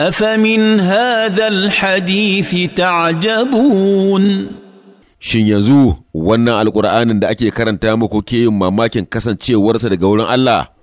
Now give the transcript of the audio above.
أفمن هذا الحديث تعجبون Shin yanzu wannan Alƙur'anin da ake karanta muku ke yin mamakin kasancewarsa daga wurin Allah?